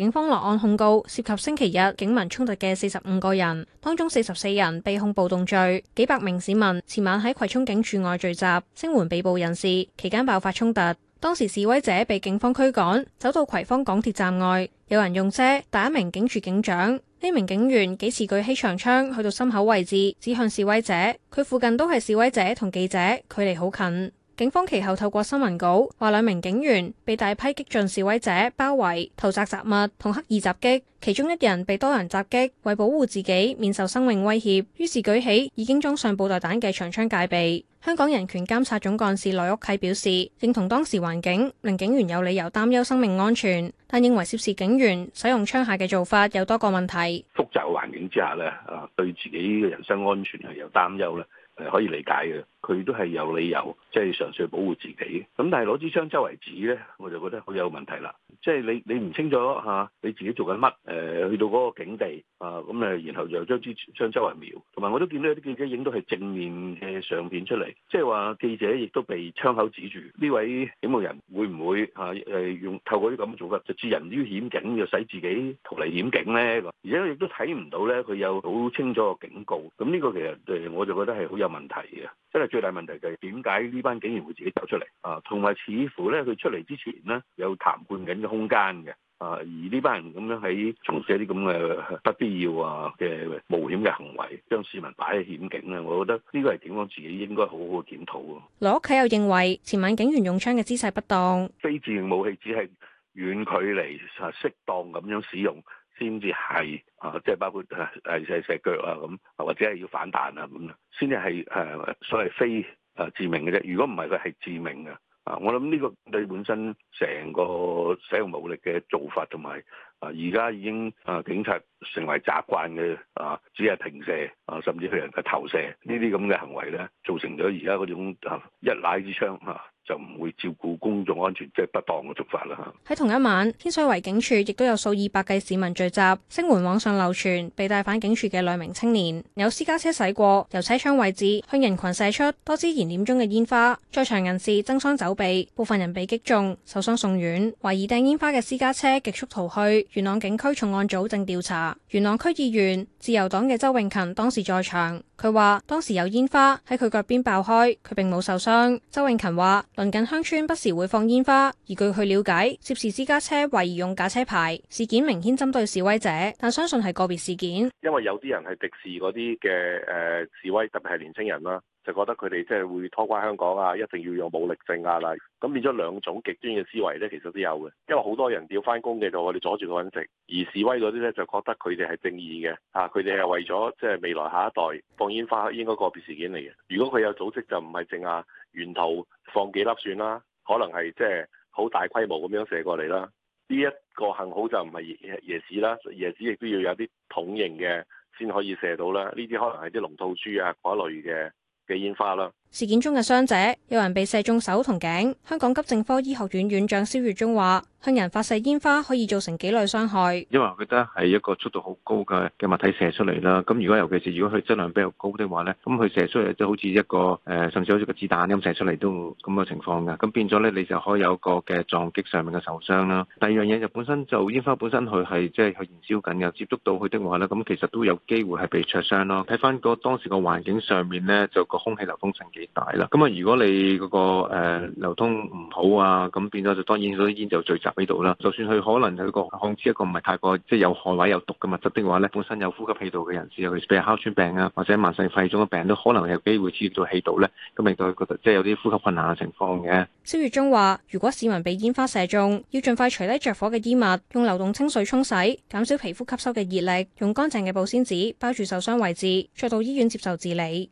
警方落案控告涉及星期日警民衝突嘅四十五個人，當中四十四人被控暴動罪。幾百名市民前晚喺葵涌警署外聚集，聲援被捕人士，期間爆發衝突。當時示威者被警方驅趕，走到葵芳港鐵站外，有人用遮打一名警署警長。呢名警員幾次舉起長槍去到心口位置，指向示威者。佢附近都係示威者同記者，距離好近。警方其後透過新聞稿話，兩名警員被大批激進示威者包圍、投擲雜物同刻意襲擊，其中一人被多人襲擊，為保護自己免受生命威脅，於是舉起已經裝上布袋彈嘅長槍戒備。香港人權監察總幹事羅沃啟表示，認同當時環境令警員有理由擔憂生命安全，但認為涉事警員使用槍械嘅做法有多個問題。複雜嘅環境之下呢啊，對自己嘅人身安全係有擔憂咧。係可以理解嘅，佢都係有理由，即係嘗試保護自己。咁但係攞支槍周圍指咧，我就覺得好有問題啦。即係你你唔清楚吓、啊，你自己做緊乜？誒，去到嗰個境地啊，咁咧，然後又將支槍周圍瞄。同埋我都見到有啲記者影到係正面嘅相片出嚟，即係話記者亦都被槍口指住。呢位警務人會唔會嚇誒、啊、用透過啲咁做法，就置人於險境，又使自己逃離險境咧？而且亦都睇唔到咧，佢有好清楚嘅警告。咁呢個其實誒，我就覺得係好有。問題嘅，即係最大問題就係點解呢班警員會自己走出嚟啊？同埋似乎咧，佢出嚟之前呢，有談判緊嘅空間嘅啊，而呢班人咁樣喺從事一啲咁嘅不必要啊嘅冒險嘅行為，將市民擺喺險境咧，我覺得呢個係警方自己應該好好檢討啊。羅沃啟又認為前晚警員用槍嘅姿勢不當，非致命武器只係遠距離啊適當咁樣使用先至係啊，即係包括誒射射腳啊咁，或者係要反彈啊咁，先至係誒所謂非誒致命嘅啫。如果唔係，佢係致命嘅。啊，我諗呢個對本身成個使用武力嘅做法，同埋啊而家已經啊警察成為習慣嘅啊，只係停射啊，甚至去人嘅投射呢啲咁嘅行為咧，造成咗而家嗰種啊一奶之槍啊。就唔會照顧公眾安全，即係不當嘅觸法啦。喺同一晚，天水圍警署亦都有數以百計市民聚集。聲援網上流傳被帶返警署嘅兩名青年，有私家車駛過，由車窗位置向人群射出多支燃點中嘅煙花，在場人士爭相走避，部分人被擊中，受傷送院。懷疑掟煙花嘅私家車極速逃去。元朗警區重案組正調查。元朗區議員自由黨嘅周永勤當時在場，佢話當時有煙花喺佢腳邊爆開，佢並冇受傷。周永勤話。鄰近鄉村不時會放煙花，而據佢了解，涉事私家車懷疑用假車牌，事件明顯針對示威者，但相信係個別事件。因為有啲人係敵視嗰啲嘅，誒示威，特別係年青人啦，就覺得佢哋即係會拖垮香港啊，一定要用武力鎮壓啦。咁變咗兩種極端嘅思維咧，其實都有嘅。因為好多人要翻工嘅，就我哋阻住佢揾食，而示威嗰啲咧就覺得佢哋係正義嘅，吓佢哋係為咗即係未來下一代放煙花，應該個別事件嚟嘅。如果佢有組織就唔係淨啊，沿途。放幾粒算啦，可能係即係好大規模咁樣射過嚟啦。呢、這、一個幸好就唔係椰子啦，椰子亦都要有啲筒形嘅先可以射到啦。呢啲可能係啲龍套珠啊嗰類嘅嘅煙花啦。事件中嘅傷者，有人被射中手同頸。香港急症科醫學院院長蕭月忠話：向人發射煙花可以造成幾類傷害。因為我覺得係一個速度好高嘅嘅物體射出嚟啦。咁如果尤其是如果佢質量比較高的話咧，咁佢射出嚟即係好似一個誒，甚至好似個子彈咁射出嚟都咁嘅情況噶。咁變咗咧，你就可以有個嘅撞擊上面嘅受傷啦。第二樣嘢就本身就煙花本身佢係即係佢燃燒緊嘅，接觸到佢的話咧，咁其實都有機會係被灼傷咯。睇翻個當時個環境上面咧，就個空氣流通性大啦，咁啊，如果你嗰個流通唔好啊，咁變咗就當然嗰啲煙就聚集喺度啦。就算佢可能佢一個看似一個唔係太過即係有害、有毒嘅物質的話咧，本身有呼吸氣道嘅人士，尤其是譬如哮喘病啊，或者慢性肺腫嘅病，都可能有機會吸入到氣道咧，咁令到佢覺得即係有啲呼吸困難嘅情況嘅。肖月忠話：如果市民被煙花射中，要盡快除低着火嘅衣物，用流動清水沖洗，減少皮膚吸收嘅熱力，用乾淨嘅保鮮紙包住受傷位置，再到醫院接受治理。